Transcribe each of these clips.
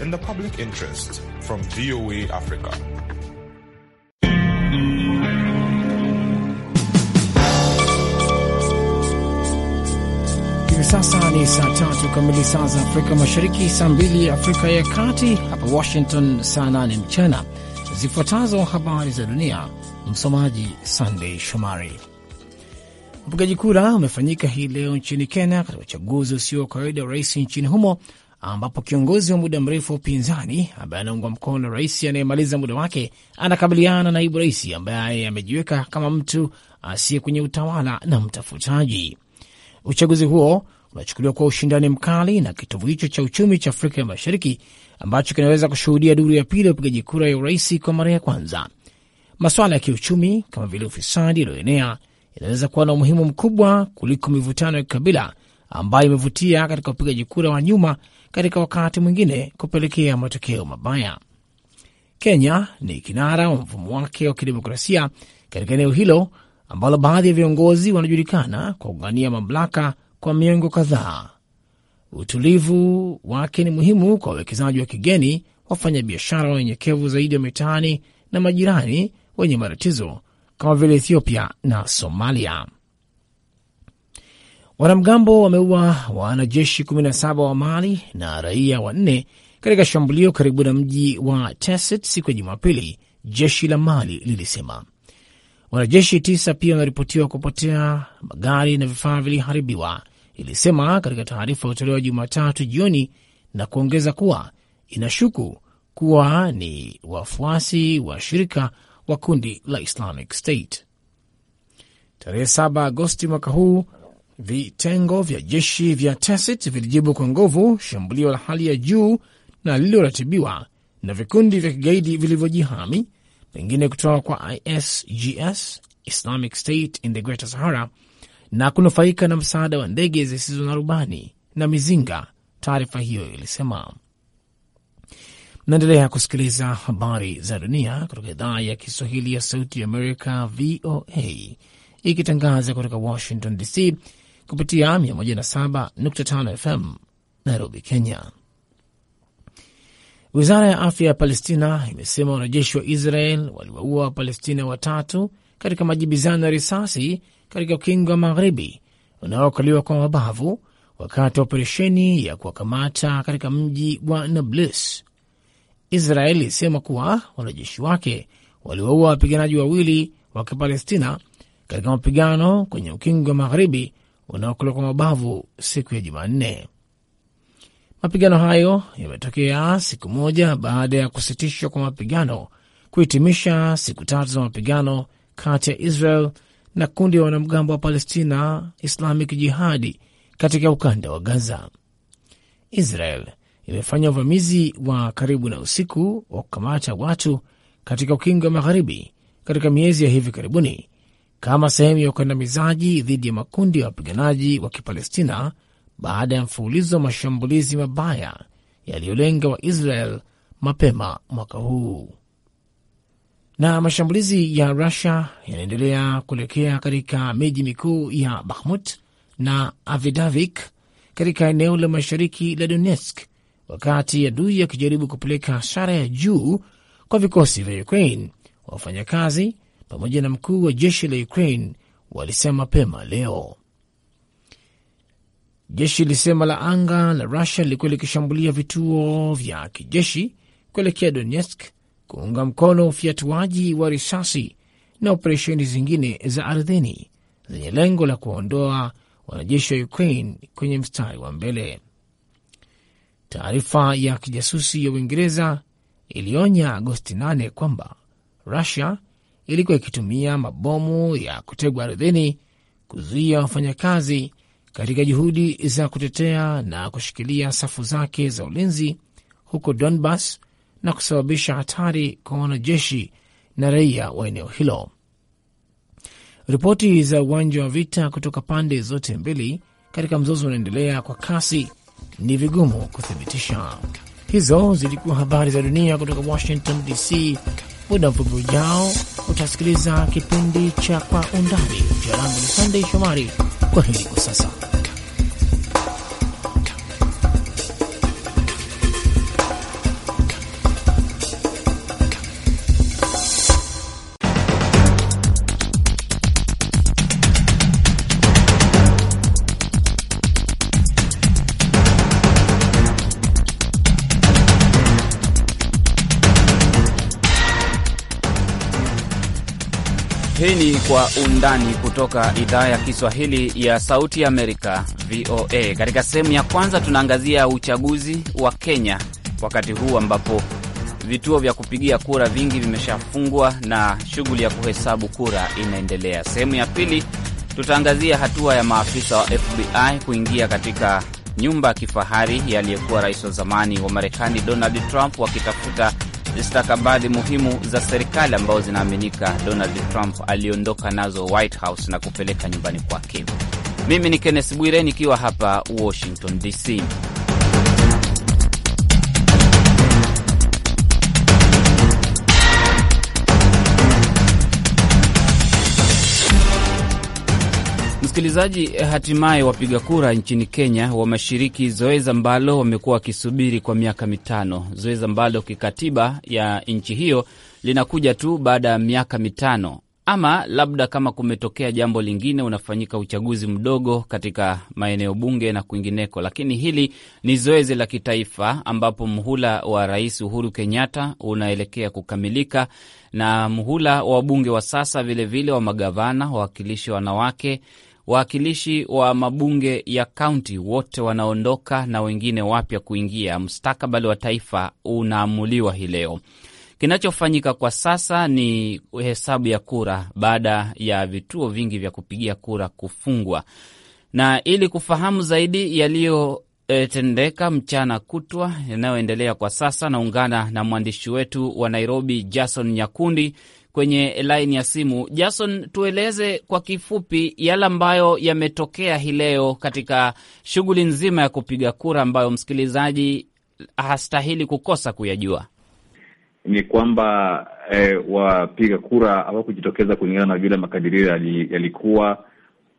in the public interest from VOA Africa. Hivi sasa ni saa tatu kamili saa za Afrika Mashariki, saa mbili Afrika ya Kati, hapa Washington saa nane mchana. Zifuatazo habari za dunia, msomaji Sandey Shomari. Upigaji kura umefanyika hii leo nchini Kenya katika uchaguzi usio wa kawaida wa rais nchini humo ambapo kiongozi wa muda mrefu wa upinzani ambaye anaungwa mkono na rais anayemaliza muda wake anakabiliana na naibu rais ambaye amejiweka kama mtu asiye kwenye utawala na mtafutaji. Uchaguzi huo unachukuliwa kuwa ushindani mkali na kitovu hicho cha uchumi cha Afrika ya Mashariki ambacho kinaweza kushuhudia duru ya pili ya upigaji kura ya urais kwa mara ya kwanza. Masuala ya kiuchumi kama vile ufisadi ulioenea yanaweza kuwa na umuhimu mkubwa kuliko mivutano ya kikabila ambayo imevutia katika upigaji kura wa nyuma, katika wakati mwingine kupelekea matokeo mabaya. Kenya ni kinara wa mfumo wake wa kidemokrasia katika eneo hilo ambalo baadhi ya viongozi wanajulikana kwa kugania mamlaka kwa miongo kadhaa. Utulivu wake ni muhimu kwa wawekezaji wa kigeni, wafanyabiashara wanyenyekevu zaidi wa mitaani na majirani wenye matatizo kama vile Ethiopia na Somalia. Wanamgambo wameua wanajeshi 17 wa Mali na raia wanne katika shambulio karibu na mji wa Tesset siku ya Jumapili, jeshi la Mali lilisema. Wanajeshi tisa pia wanaripotiwa kupotea, magari na vifaa viliharibiwa, ilisema katika taarifa ya utolewa Jumatatu jioni, na kuongeza kuwa inashuku kuwa ni wafuasi wa shirika wa kundi la Islamic State. Tarehe 7 Agosti mwaka huu Vitengo vya jeshi vya Tesit vilijibu kwa nguvu shambulio la hali ya juu na lililoratibiwa na vikundi vya kigaidi vilivyojihami, pengine kutoka kwa ISGS, Islamic State in the Greater Sahara, na kunufaika na msaada wa ndege zisizo na rubani na mizinga, taarifa hiyo ilisema. Naendelea kusikiliza habari za dunia kutoka idhaa ya Kiswahili ya Sauti ya Amerika, VOA, ikitangaza kutoka Washington DC kupitia 107.5 FM Nairobi, Kenya. Wizara ya afya ya Palestina imesema wanajeshi wa Israel waliwaua Wapalestina watatu katika majibizano ya risasi katika ukingo wa magharibi unaokaliwa kwa mabavu wakati wa operesheni ya kuwakamata katika mji wa Nablus. Israel ilisema kuwa wanajeshi wake waliwaua wapiganaji wawili wa Kipalestina katika mapigano kwenye ukingo wa magharibi unaokula kwa mabavu siku ya Jumanne. Mapigano hayo yametokea siku moja baada ya kusitishwa kwa mapigano kuhitimisha siku tatu za mapigano kati ya Israel na kundi ya wanamgambo wa Palestina Islamic Jihadi katika ukanda wa Gaza. Israel imefanya uvamizi wa karibu na usiku wa kukamata watu katika ukingo wa magharibi katika miezi ya hivi karibuni kama sehemu ya ukandamizaji dhidi ya makundi ya wapiganaji wa Kipalestina baada ya mfululizo wa mashambulizi mabaya yaliyolenga Waisrael mapema mwaka huu. Na mashambulizi ya Rusia yanaendelea kuelekea katika miji mikuu ya bahmut na Avidavik katika eneo la mashariki la Donetsk, wakati adui akijaribu kupeleka hasara ya juu kwa vikosi vya Ukraine, wafanyakazi pamoja na mkuu wa jeshi la Ukraine walisema mapema leo. Jeshi lisema la anga la Rusia lilikuwa likishambulia vituo vya kijeshi kuelekea Donetsk kuunga mkono ufiatuaji wa risasi na operesheni zingine za ardhini zenye lengo la kuwaondoa wanajeshi wa Ukraine kwenye mstari wa mbele. Taarifa ya kijasusi ya Uingereza ilionya Agosti 8 kwamba Rusia ilikuwa ikitumia mabomu ya kutegwa ardhini kuzuia wafanyakazi katika juhudi za kutetea na kushikilia safu zake za ulinzi huko Donbas na kusababisha hatari kwa wanajeshi na raia wa eneo hilo. Ripoti za uwanja wa vita kutoka pande zote mbili katika mzozo unaendelea kwa kasi ni vigumu kuthibitisha. Hizo zilikuwa habari za dunia kutoka Washington DC. Muda mfupi ujao utasikiliza kipindi cha Kwa Undani. Jina langu ni Sandey Shomari. Kwa heri kwa sasa. Hii ni Kwa Undani kutoka idhaa ya Kiswahili ya Sauti Amerika, VOA. Katika sehemu ya kwanza, tunaangazia uchaguzi wa Kenya wakati huu ambapo vituo vya kupigia kura vingi vimeshafungwa na shughuli ya kuhesabu kura inaendelea. Sehemu ya pili, tutaangazia hatua ya maafisa wa FBI kuingia katika nyumba ya kifahari ya aliyekuwa rais wa zamani wa Marekani Donald Trump wakitafuta stakabadhi muhimu za serikali ambazo zinaaminika Donald Trump aliondoka nazo White House na kupeleka nyumbani kwake. Mimi ni Kenneth Bwire nikiwa hapa Washington DC. Msikilizaji, hatimaye wapiga kura nchini Kenya wameshiriki zoezi ambalo wamekuwa wakisubiri kwa miaka mitano, zoezi ambalo kikatiba ya nchi hiyo linakuja tu baada ya miaka mitano, ama labda kama kumetokea jambo lingine, unafanyika uchaguzi mdogo katika maeneo bunge na kwingineko. Lakini hili ni zoezi la kitaifa ambapo mhula wa Rais Uhuru Kenyatta unaelekea kukamilika na mhula wa wabunge wa sasa vilevile, vile wa magavana, wawakilishi wanawake Wawakilishi wa mabunge ya kaunti wote wanaondoka na wengine wapya kuingia. Mustakabali wa taifa unaamuliwa hii leo. Kinachofanyika kwa sasa ni hesabu ya kura baada ya vituo vingi vya kupigia kura kufungwa. Na ili kufahamu zaidi yaliyotendeka mchana kutwa yanayoendelea kwa sasa, naungana na mwandishi wetu wa Nairobi, Jason Nyakundi kwenye laini ya simu. Jason, tueleze kwa kifupi yale ambayo yametokea hii leo katika shughuli nzima ya kupiga kura ambayo msikilizaji hastahili kukosa kuyajua. Ni kwamba e, wapiga kura hawakujitokeza kulingana na vile makadirio yalikuwa.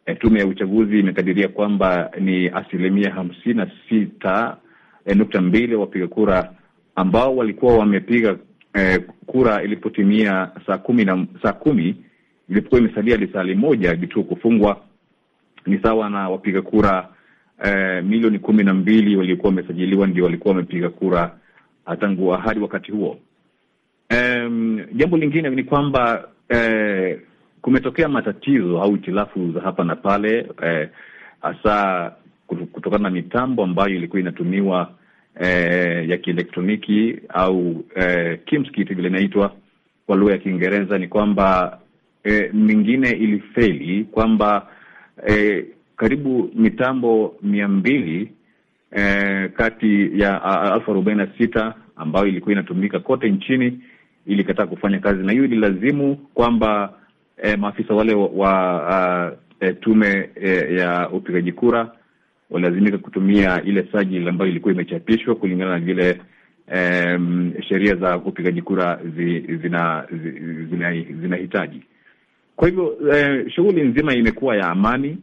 E, tume ya uchaguzi imekadiria kwamba ni asilimia hamsini na sita e, nukta mbili wapiga kura ambao walikuwa wamepiga eh, kura ilipotimia saa kumi na saa kumi ilipokuwa imesalia lisali moja vituo kufungwa, ni sawa na wapiga kura eh, milioni kumi na mbili waliokuwa wamesajiliwa ndio walikuwa wamepiga kura ah, tangu hadi wakati huo. Um, jambo lingine ni kwamba eh, kumetokea matatizo au itilafu za hapa na pale eh, hasa eh, kutokana na mitambo ambayo ilikuwa inatumiwa eh, ya kielektroniki au eh, kimskit vile inaitwa kwa lugha ya Kiingereza, ni kwamba eh, mingine ilifeli kwamba eh, karibu mitambo mia mbili eh, kati ya alfu arobaini na sita ambayo ilikuwa inatumika kote nchini ilikataa kufanya kazi, na hiyo ililazimu kwamba eh, maafisa wale wa, wa uh, tume eh, ya upigaji kura walilazimika kutumia ile sajili ambayo ilikuwa imechapishwa kulingana na vile um, sheria za upigaji kura zi, zina, zi, zina, zinahitaji. Kwa hivyo eh, shughuli nzima imekuwa ya amani,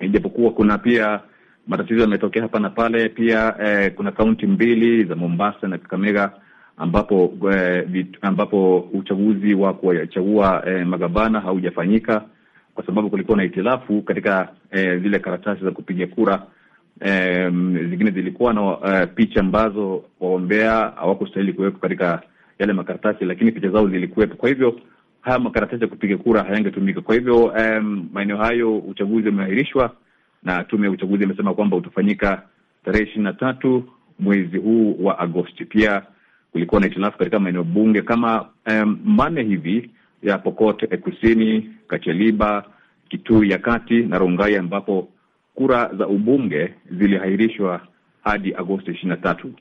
ijapokuwa kuna pia matatizo yametokea hapa na pale. Pia eh, kuna kaunti mbili za Mombasa na Kakamega ambapo eh, ambapo uchaguzi wa kuwachagua eh, magavana haujafanyika kwa sababu kulikuwa na hitilafu katika eh, zile karatasi za kupiga kura. Eh, zingine zilikuwa na eh, picha ambazo waombea hawakustahili kuwekwa katika yale makaratasi, lakini picha zao zilikuwepo. Kwa hivyo haya makaratasi ya kupiga kura hayangetumika. Kwa hivyo eh, maeneo hayo uchaguzi umeahirishwa, na tume ya uchaguzi imesema kwamba utafanyika tarehe ishirini na tatu mwezi huu wa Agosti. Pia kulikuwa na hitilafu katika maeneo bunge kama um, manne hivi ya Pokot Kusini, Kacheliba, Kitui ya Kati na Rongai ambapo kura za ubunge ziliahirishwa hadi Agosti ishirini na tatu.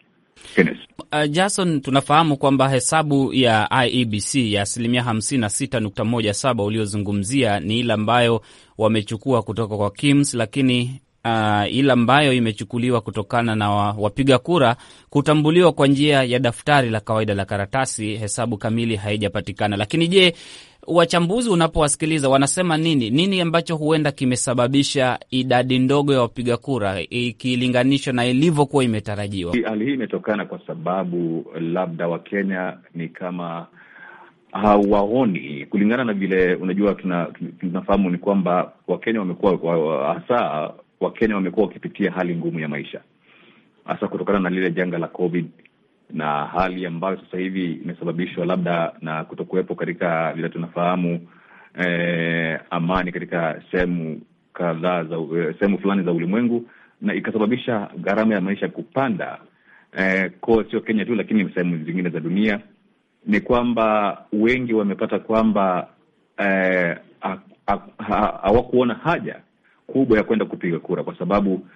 Uh, Jason, tunafahamu kwamba hesabu ya IEBC ya asilimia 56.17 uliozungumzia ni ile ambayo wamechukua kutoka kwa Kims, lakini uh, ile ambayo imechukuliwa kutokana na wapiga kura kutambuliwa kwa njia ya daftari la kawaida la karatasi, hesabu kamili haijapatikana. Lakini je, wachambuzi unapowasikiliza wanasema nini? Nini ambacho huenda kimesababisha idadi ndogo ya wapiga kura ikilinganishwa na ilivyokuwa imetarajiwa? Hali hii imetokana kwa sababu labda Wakenya ni kama hawaoni kulingana na vile unajua, tunafahamu tuna ni kwamba Wakenya wamekuwa hasa Wakenya wamekuwa wakipitia hali ngumu ya maisha, hasa kutokana na lile janga la COVID na hali ambayo sasa hivi imesababishwa labda na kutokuwepo katika vile tunafahamu eh, amani katika sehemu kadhaa za eh, sehemu fulani za ulimwengu, na ikasababisha gharama ya maisha kupanda eh, ko sio Kenya tu, lakini sehemu zingine za dunia. Ni kwamba wengi wamepata kwamba eh, hawakuona eh, haja kubwa ya kwenda kupiga kura, kwa sababu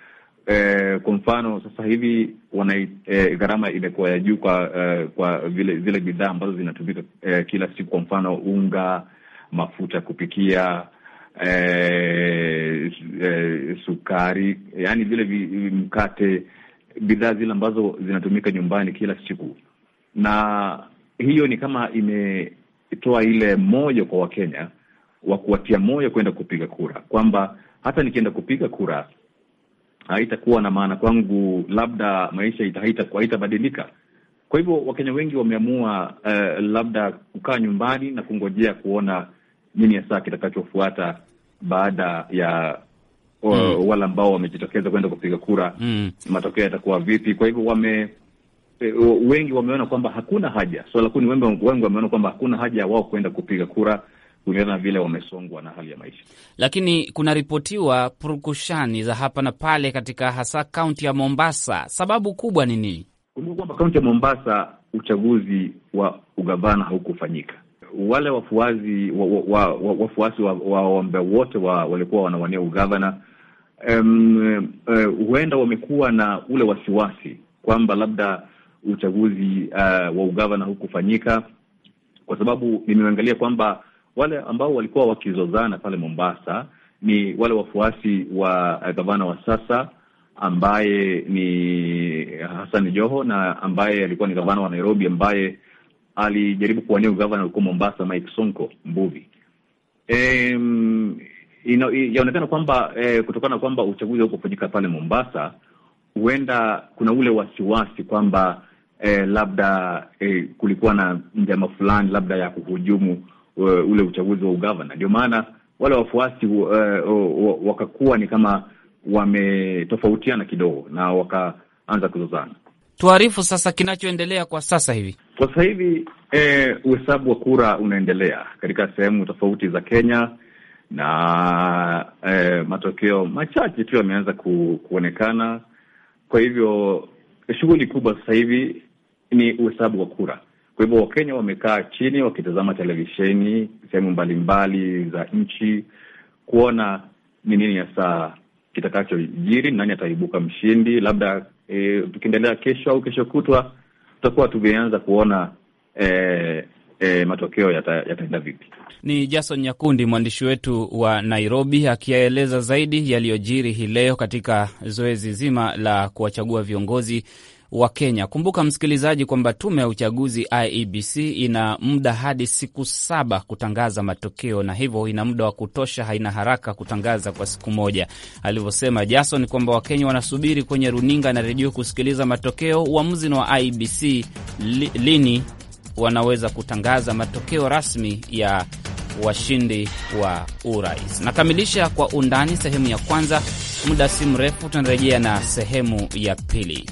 eh, kwa mfano sasa hivi wana eh, gharama imekuwa ya juu kwa eh, kwa vile zile bidhaa ambazo zinatumika eh, kila siku, kwa mfano unga, mafuta ya kupikia Eh, eh, sukari, yaani vile vi, vi mkate, bidhaa zile ambazo zinatumika nyumbani kila siku, na hiyo ni kama imetoa ile moyo kwa Wakenya wa kuwatia moyo kwenda kupiga kura, kwamba hata nikienda kupiga kura haitakuwa na maana kwangu, labda maisha haitabadilika. Kwa hivyo Wakenya wengi wameamua uh, labda kukaa nyumbani na kungojea kuona nini hasa kitakachofuata baada ya o, mm. wale ambao wamejitokeza kwenda kupiga kura mm. matokeo yatakuwa vipi? Kwa hivyo wame eh, wengi wameona kwamba hakuna haja swala so, kuu ni wengi wameona kwamba hakuna haja ya wao kuenda kupiga kura kulingana na vile wamesongwa na hali ya maisha. Lakini kunaripotiwa purukushani za hapa na pale katika hasa kaunti ya Mombasa, sababu kubwa ni nini? Kumbuka kwamba kaunti ya Mombasa uchaguzi wa ugavana haukufanyika. Wale wafuasi wa, wa, wa, wafuasi wa waombea wote wa, walikuwa wanawania ugavana um, uh, huenda wamekuwa na ule wasiwasi kwamba labda uchaguzi uh, wa ugavana hukufanyika, kwa sababu nimeangalia kwamba wale ambao walikuwa wakizozana pale Mombasa ni wale wafuasi wa eh, gavana wa sasa ambaye ni eh, Hassan Joho na ambaye alikuwa ni gavana wa Nairobi ambaye alijaribu kuwania ugavana alikuwa Mombasa, Mike Sonko Mbuvi. Yaonekana kwamba e, kutokana na kwamba uchaguzi haukufanyika pale Mombasa, huenda kuna ule wasiwasi kwamba e, labda e, kulikuwa na njama fulani labda ya kuhujumu uh, ule uchaguzi wa ugavana. Ndio maana wale wafuasi uh, uh, wakakuwa ni kama wametofautiana kidogo na wakaanza kuzozana. Tuarifu sasa kinachoendelea kwa sasa hivi. Kwa sasa hivi eh, uhesabu wa kura unaendelea katika sehemu tofauti za Kenya na eh, matokeo machache tu yameanza ku, kuonekana. Kwa hivyo shughuli kubwa sasa hivi ni uhesabu wa kura. Kwa hivyo Wakenya wamekaa chini wakitazama televisheni sehemu mbalimbali za nchi kuona ni nini hasa kitakachojiri, nani ataibuka mshindi. Labda e, tukiendelea kesho au kesho kutwa tutakuwa tumeanza kuona e, E, matokeo yataenda yata vipi? Ni Jason Nyakundi, mwandishi wetu wa Nairobi, akiyaeleza zaidi yaliyojiri hii leo katika zoezi zima la kuwachagua viongozi wa Kenya. Kumbuka msikilizaji, kwamba tume ya uchaguzi IEBC ina muda hadi siku saba kutangaza matokeo, na hivyo ina muda wa kutosha, haina haraka kutangaza kwa siku moja. Alivyosema Jason kwamba Wakenya wanasubiri kwenye runinga na redio kusikiliza matokeo, uamuzi wa IEBC li, lini wanaweza kutangaza matokeo rasmi ya washindi wa urais. Nakamilisha kwa undani sehemu ya kwanza. Muda si mrefu tunarejea na sehemu ya pili.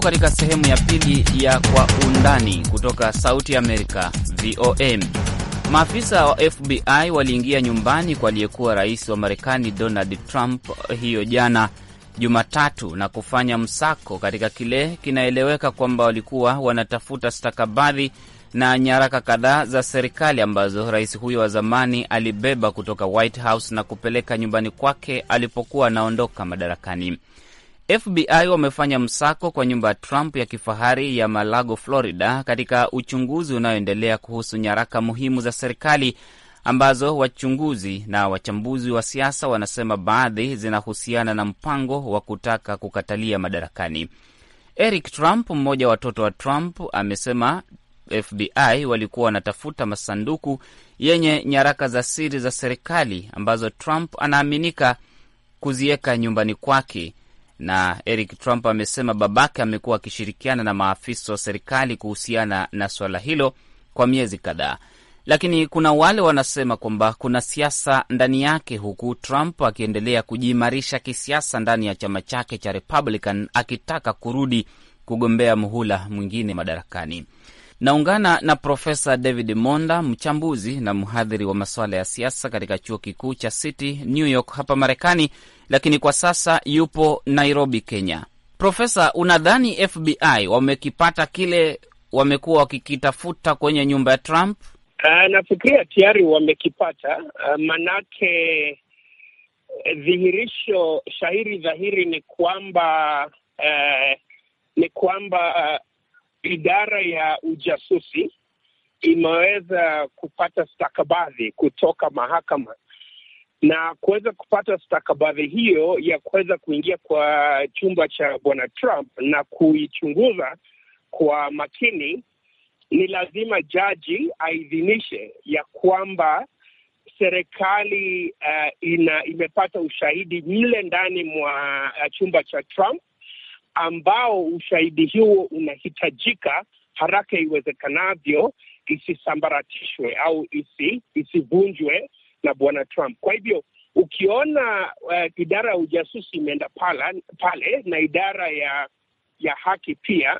Karibu katika sehemu ya pili ya Kwa Undani kutoka Sauti Amerika, vom Maafisa wa FBI waliingia nyumbani kwa aliyekuwa rais wa Marekani Donald Trump hiyo jana Jumatatu na kufanya msako katika kile kinaeleweka kwamba walikuwa wanatafuta stakabadhi na nyaraka kadhaa za serikali ambazo rais huyo wa zamani alibeba kutoka White House na kupeleka nyumbani kwake alipokuwa anaondoka madarakani. FBI wamefanya msako kwa nyumba ya Trump ya kifahari ya Malago, Florida, katika uchunguzi unaoendelea kuhusu nyaraka muhimu za serikali ambazo wachunguzi na wachambuzi wa siasa wanasema baadhi zinahusiana na mpango wa kutaka kukatalia madarakani. Eric Trump, mmoja wa watoto wa Trump, amesema FBI walikuwa wanatafuta masanduku yenye nyaraka za siri za serikali ambazo Trump anaaminika kuziweka nyumbani kwake na Eric Trump amesema babake amekuwa akishirikiana na maafisa wa serikali kuhusiana na swala hilo kwa miezi kadhaa, lakini kuna wale wanasema kwamba kuna siasa ndani yake, huku Trump akiendelea kujiimarisha kisiasa ndani ya chama chake cha Republican akitaka kurudi kugombea muhula mwingine madarakani. Naungana na Profesa David Monda, mchambuzi na mhadhiri wa masuala ya siasa katika chuo kikuu cha City New York hapa Marekani, lakini kwa sasa yupo Nairobi, Kenya. Profesa, unadhani FBI wamekipata kile wamekuwa wakikitafuta kwenye nyumba ya Trump? Uh, nafikiria tayari wamekipata. Uh, manake eh, dhihirisho shahiri dhahiri ni kwamba uh, ni kwamba ah, idara ya ujasusi imeweza kupata stakabadhi kutoka mahakama na kuweza kupata stakabadhi hiyo ya kuweza kuingia kwa chumba cha bwana Trump na kuichunguza kwa makini, ni lazima jaji aidhinishe ya kwamba serikali uh, ina imepata ushahidi mle ndani mwa uh, chumba cha Trump ambao ushahidi huo unahitajika haraka iwezekanavyo, isisambaratishwe au isi, isivunjwe na bwana Trump. Kwa hivyo ukiona uh, idara ya ujasusi imeenda pale na idara ya ya haki pia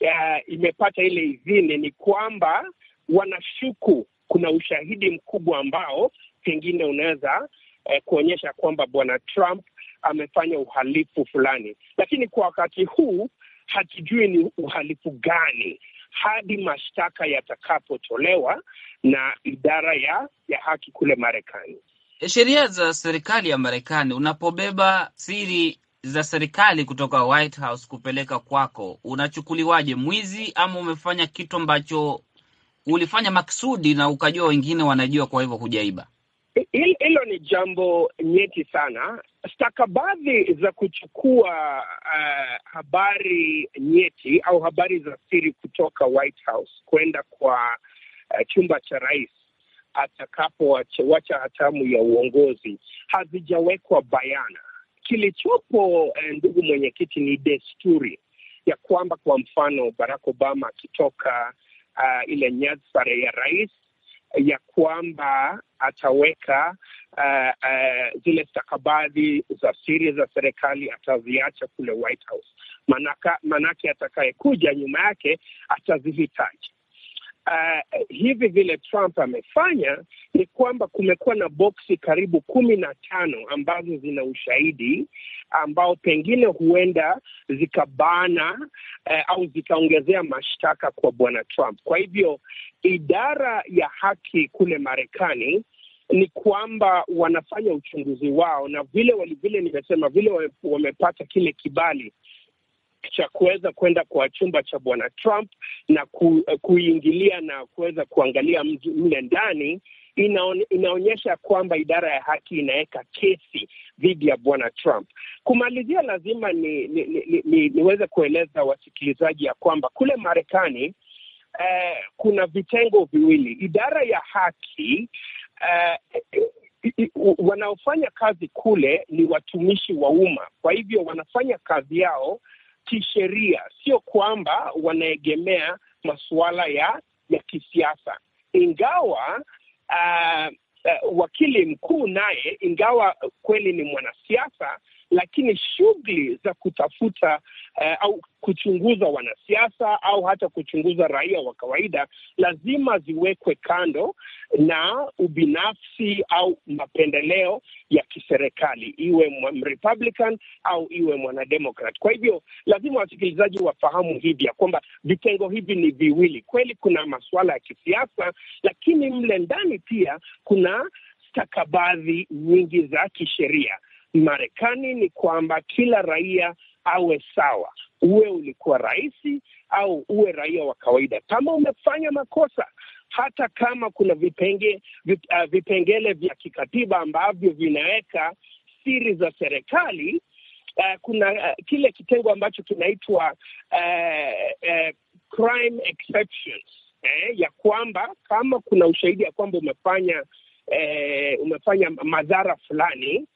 uh, imepata ile idhini, ni kwamba wanashuku kuna ushahidi mkubwa ambao pengine unaweza uh, kuonyesha kwamba bwana Trump amefanya uhalifu fulani, lakini kwa wakati huu hatujui ni uhalifu gani hadi mashtaka yatakapotolewa na idara ya, ya haki kule Marekani. Sheria za serikali ya Marekani, unapobeba siri za serikali kutoka White House kupeleka kwako, unachukuliwaje? Mwizi ama umefanya kitu ambacho ulifanya maksudi na ukajua wengine wanajua, kwa hivyo hujaiba? hilo ni jambo nyeti sana. Stakabadhi za kuchukua uh, habari nyeti au habari za siri kutoka White House kwenda kwa uh, chumba cha rais atakapowacha hatamu ya uongozi hazijawekwa bayana. Kilichopo uh, ndugu mwenyekiti, ni desturi ya kwamba, kwa mfano, Barack Obama akitoka uh, ile nyadhfara ya rais ya kwamba ataweka uh, uh, zile stakabadhi za siri za serikali ataziacha kule White House, manaka, manake atakayekuja nyuma yake atazihitaji uh, hivi vile Trump amefanya ni kwamba kumekuwa na boksi karibu kumi na tano ambazo zina ushahidi ambao pengine huenda zikabana uh, au zikaongezea mashtaka kwa bwana Trump. Kwa hivyo idara ya haki kule Marekani ni kwamba wanafanya uchunguzi wao na vile walivile, nimesema vile wamepata kile kibali cha kuweza kwenda kwa chumba cha bwana Trump na ku, eh, kuingilia na kuweza kuangalia mle ndani inaon, inaonyesha kwamba idara ya haki inaweka kesi dhidi ya bwana Trump. Kumalizia, lazima ni, ni, ni, ni, niweze kueleza wasikilizaji ya kwamba kule Marekani eh, kuna vitengo viwili, idara ya haki eh, wanaofanya kazi kule ni watumishi wa umma, kwa hivyo wanafanya kazi yao kisheria, sio kwamba wanaegemea masuala ya ya kisiasa, ingawa uh, uh, wakili mkuu naye, ingawa kweli ni mwanasiasa, lakini shughuli za kutafuta eh, au kuchunguza wanasiasa au hata kuchunguza raia wa kawaida lazima ziwekwe kando na ubinafsi au mapendeleo ya kiserikali, iwe Republican au iwe mwanademokrat. Kwa hivyo lazima wasikilizaji wafahamu hivi ya kwamba vitengo hivi ni viwili. Kweli kuna masuala ya kisiasa, lakini mle ndani pia kuna stakabadhi nyingi za kisheria Marekani ni kwamba kila raia awe sawa, uwe ulikuwa rais au uwe raia wa kawaida. Kama umefanya makosa, hata kama kuna vipenge, vip, uh, vipengele vya kikatiba ambavyo vinaweka siri za serikali uh, kuna uh, kile kitengo ambacho kinaitwa uh, uh, crime exceptions eh, ya kwamba kama kuna ushahidi ya kwamba umefanya eh, umefanya madhara fulani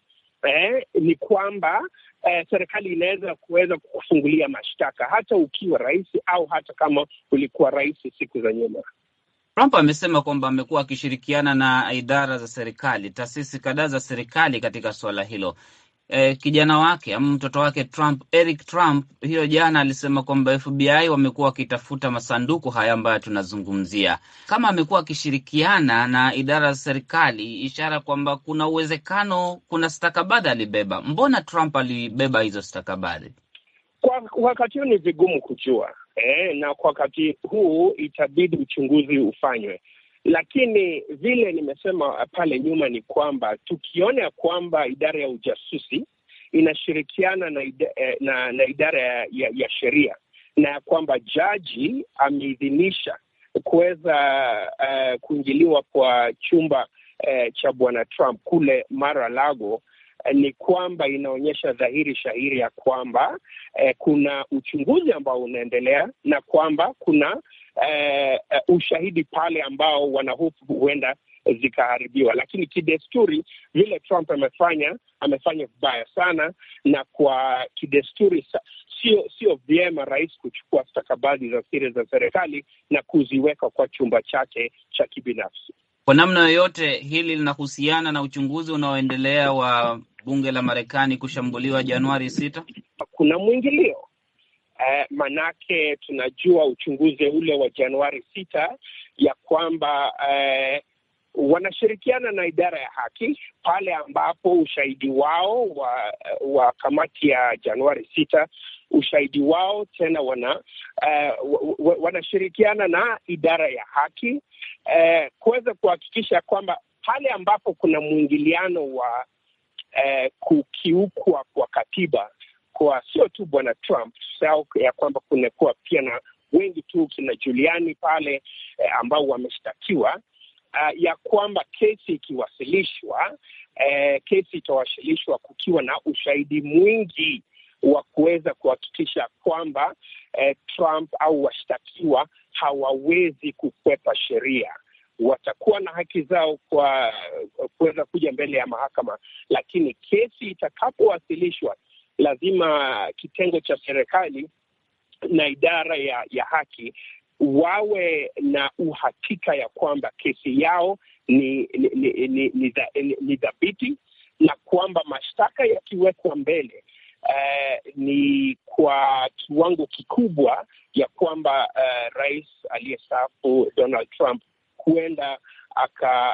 eh, ni kwamba eh, serikali inaweza kuweza kufungulia mashtaka hata ukiwa rais au hata kama ulikuwa rais siku za nyuma. Trump amesema kwamba amekuwa akishirikiana na idara za serikali, taasisi kadhaa za serikali katika suala hilo eh, kijana wake ama mtoto wake Trump, Eric Trump, hiyo jana alisema kwamba FBI wamekuwa wakitafuta masanduku haya ambayo tunazungumzia, kama amekuwa akishirikiana na idara za serikali, ishara kwamba kuna uwezekano kuna stakabadhi alibeba. Mbona Trump alibeba hizo stakabadhi? Kwa wakati huu ni vigumu kujua eh, na kwa wakati huu itabidi uchunguzi ufanywe lakini vile nimesema pale nyuma ni kwamba tukiona ya kwamba idara ya ujasusi inashirikiana na, ida, eh, na, na idara ya, ya, ya sheria na ya kwamba jaji ameidhinisha kuweza uh, kuingiliwa kwa chumba uh, cha bwana Trump kule mara lago ni kwamba inaonyesha dhahiri shahiri ya kwamba eh, kuna uchunguzi ambao unaendelea na kwamba kuna uh, ushahidi pale ambao wanahofu huenda zikaharibiwa. Lakini kidesturi, vile Trump amefanya amefanya vibaya sana, na kwa kidesturi sio sio vyema rais kuchukua stakabadhi za siri za serikali na kuziweka kwa chumba chake cha kibinafsi. Kwa namna yoyote, hili linahusiana na uchunguzi unaoendelea wa bunge la Marekani kushambuliwa Januari sita. Kuna mwingilio Eh, manake tunajua uchunguzi ule wa Januari sita ya kwamba uh, wanashirikiana na idara ya haki pale ambapo ushahidi wao wa, wa kamati ya Januari sita ushahidi wao tena wana uh, wanashirikiana na idara ya haki uh, kuweza kuhakikisha kwamba pale ambapo kuna mwingiliano wa uh, kukiukwa kwa katiba kwa sio tu bwana Trump, tusahau ya kwamba kumekuwa pia na wengi tu kina Juliani pale eh, ambao wameshtakiwa uh, ya kwamba kesi ikiwasilishwa eh, kesi itawasilishwa kukiwa na ushahidi mwingi wa kuweza kuhakikisha kwamba eh, Trump au washtakiwa hawawezi kukwepa sheria. Watakuwa na haki zao kwa eh, kuweza kuja mbele ya mahakama, lakini kesi itakapowasilishwa lazima kitengo cha serikali na idara ya, ya haki wawe na uhakika ya kwamba kesi yao ni ni ni ni dhabiti na kwamba mashtaka yakiwekwa mbele uh, ni kwa kiwango kikubwa ya kwamba uh, rais aliyestaafu Donald Trump huenda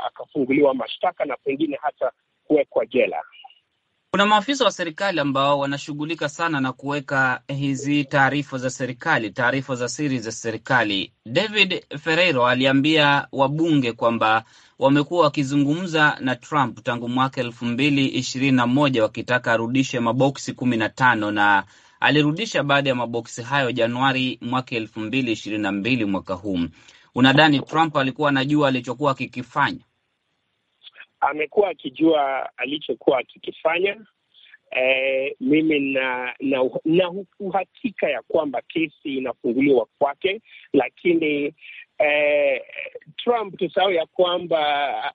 akafunguliwa aka mashtaka na pengine hata kuwekwa jela. Kuna maafisa wa serikali ambao wanashughulika sana na kuweka hizi taarifa za serikali, taarifa za siri za serikali. David Ferreiro aliambia wabunge kwamba wamekuwa wakizungumza na Trump tangu mwaka elfu mbili ishirini na moja wakitaka arudishe maboksi kumi na tano na alirudisha baadhi ya maboksi hayo Januari mwaka elfu mbili ishirini na mbili mwaka huu. Unadhani Trump alikuwa anajua alichokuwa akikifanya? amekuwa akijua alichokuwa akikifanya. E, mimi na, na na uhakika ya kwamba kesi inafunguliwa kwake, lakini e, Trump tusahau ya kwamba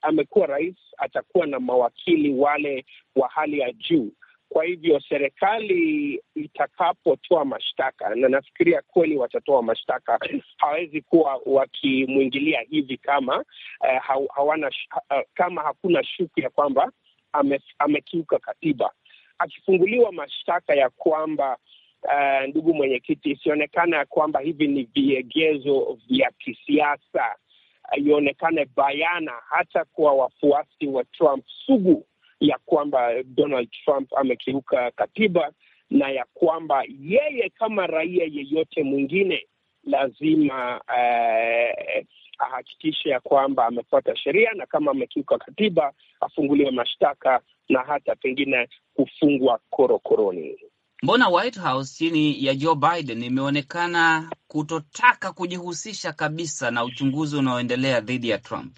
amekuwa rais, atakuwa na mawakili wale wa hali ya juu kwa hivyo serikali itakapotoa mashtaka, na nafikiria kweli watatoa mashtaka, hawawezi kuwa wakimwingilia hivi kama eh, hawana eh, kama hakuna shuku ya kwamba ame, amekiuka katiba. Akifunguliwa mashtaka ya kwamba Uh, ndugu mwenyekiti, isionekana ya kwamba hivi ni viegezo vya kisiasa, ionekane bayana hata kwa wafuasi wa Trump sugu ya kwamba Donald Trump amekiuka katiba na ya kwamba yeye kama raia yeyote mwingine lazima eh, ahakikishe ya kwamba amefuata sheria na kama amekiuka katiba afunguliwe mashtaka na hata pengine kufungwa korokoroni. Mbona White House chini ya Joe Biden imeonekana kutotaka kujihusisha kabisa na uchunguzi unaoendelea dhidi ya Trump?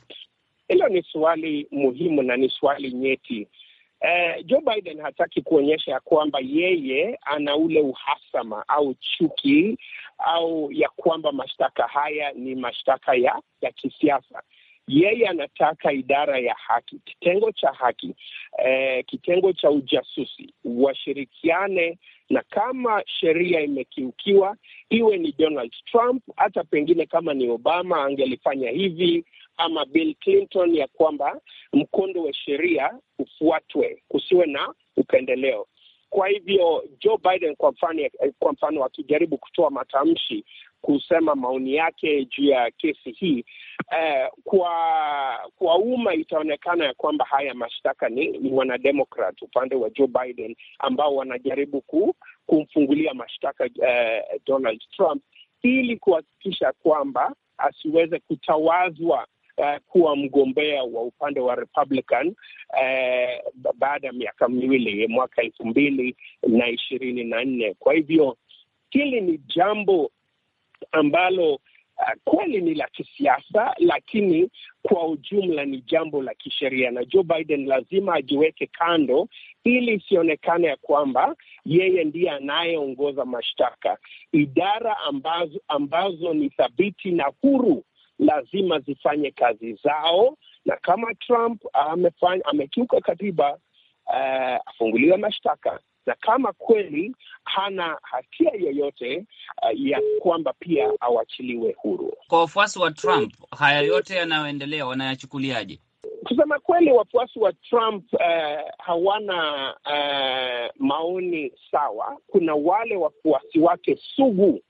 Hilo ni swali muhimu na ni swali nyeti. Eh, Joe Biden hataki kuonyesha kwamba yeye ana ule uhasama au chuki au ya kwamba mashtaka haya ni mashtaka ya, ya kisiasa. Yeye anataka idara ya haki, kitengo cha haki, eh, kitengo cha ujasusi washirikiane, na kama sheria imekiukiwa, iwe ni Donald Trump, hata pengine kama ni Obama angelifanya hivi ama Bill Clinton ya kwamba mkondo wa sheria ufuatwe, kusiwe na upendeleo. Kwa hivyo Joe Biden kwa mfano, kwa mfano akijaribu kutoa matamshi kusema maoni yake juu ya kesi hii eh, kwa kwa umma itaonekana ya kwamba haya mashtaka ni, ni wanademokrat upande wa Joe Biden ambao wanajaribu ku, kumfungulia mashtaka eh, Donald Trump ili kuhakikisha kwamba asiweze kutawazwa uh, kuwa mgombea wa upande wa Republican uh, baada ya miaka miwili mwaka elfu mbili na ishirini na nne. Kwa hivyo hili ni jambo ambalo Uh, kweli ni la kisiasa lakini kwa ujumla ni jambo la kisheria, na Joe Biden lazima ajiweke kando ili isionekane ya kwamba yeye ndiye anayeongoza mashtaka. Idara ambazo, ambazo ni thabiti na huru lazima zifanye kazi zao, na kama Trump amefanya amekiuka katiba uh, afunguliwe mashtaka, na kama kweli hana hatia yoyote uh, ya kwamba pia awachiliwe huru. Kwa wafuasi wa Trump, haya yote yanayoendelea wanayachukuliaje? Kusema kweli, wafuasi wa Trump uh, hawana uh, maoni sawa. Kuna wale wafuasi wake sugu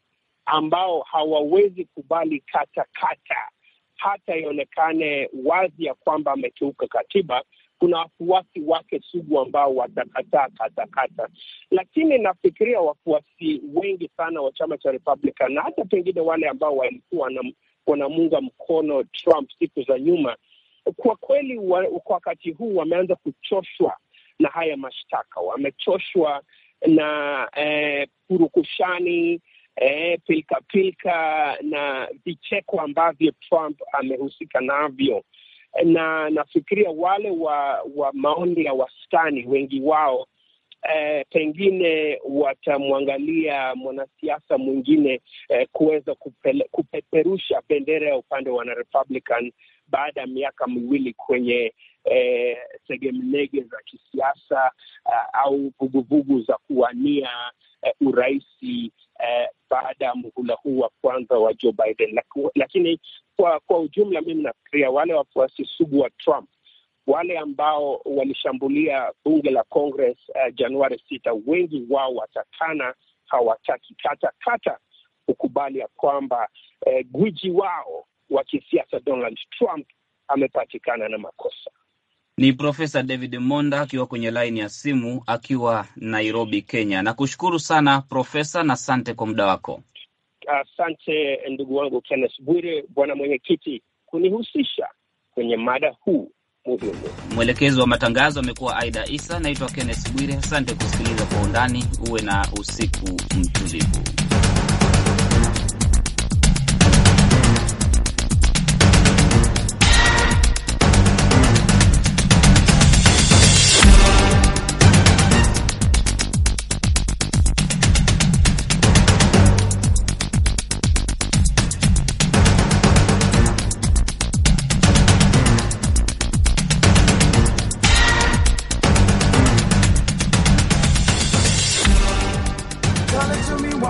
ambao hawawezi kubali katakata hata ionekane wazi ya kwamba amekeuka katiba. Kuna wafuasi wake sugu ambao watakataa katakata, lakini nafikiria wafuasi wengi sana wa chama cha Republican na hata pengine wale ambao walikuwa wanamuunga mkono Trump siku za nyuma, kwa kweli wa, kwa wakati huu wameanza kuchoshwa na haya mashtaka, wamechoshwa na eh, purukushani eh, pilika pilika na vicheko ambavyo Trump amehusika navyo, na nafikiria wale wa, wa maoni ya wastani wengi wao eh, pengine watamwangalia mwanasiasa mwingine eh, kuweza kupeperusha bendera ya upande wa wanarepublican baada ya miaka miwili kwenye eh, segemnege za kisiasa uh, au vuguvugu za kuwania uh, eh, uraisi uh, eh, baada ya muhula huu wa kwanza wa Joe Biden. Lakini kwa kwa ujumla, mimi nafikiria wale wafuasi sugu wa Trump, wale ambao walishambulia bunge la Congress uh, Januari sita, wengi wao watakana, hawataki kata kata kukubali ya kwamba uh, gwiji wao wa kisiasa Donald Trump amepatikana na makosa. Ni Profesa David Monda akiwa kwenye laini ya simu akiwa Nairobi, Kenya. Nakushukuru sana Profesa na asante kwa muda wako. Asante uh, ndugu wangu Kenneth Bwire, bwana mwenyekiti, kunihusisha kwenye mada huu muhimu. Mwelekezi wa matangazo amekuwa Aida Isa. Naitwa Kenneth Bwire, asante kusikiliza kwa undani. Uwe na usiku mtulivu.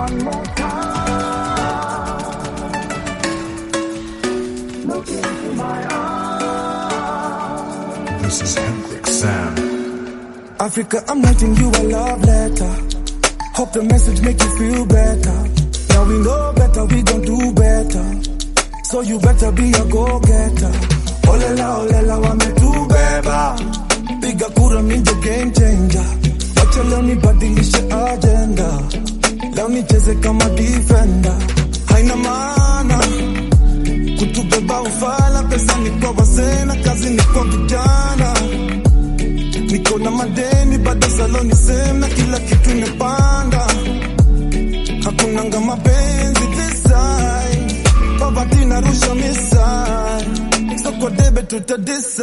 one more time. Look into my eyes. This is Hendrik Sam. Africa, I'm writing you a love letter. Hope the message make you feel better. Now we know better, we gon' do better. So you better be a go-getter. Olela, olela, wametubeba. Biga kura, minje game changer. Wacha leo nibadilishe agenda. leo nicheze kama defender, haina maana kutubeba ufala. Pesa ni kwa wazee na kazi ni kwa vijana, niko na madeni bado saloni same na kila kitu imepanda, hakuna nga mapenzi tisai babati narusha misai soko debe tutadisa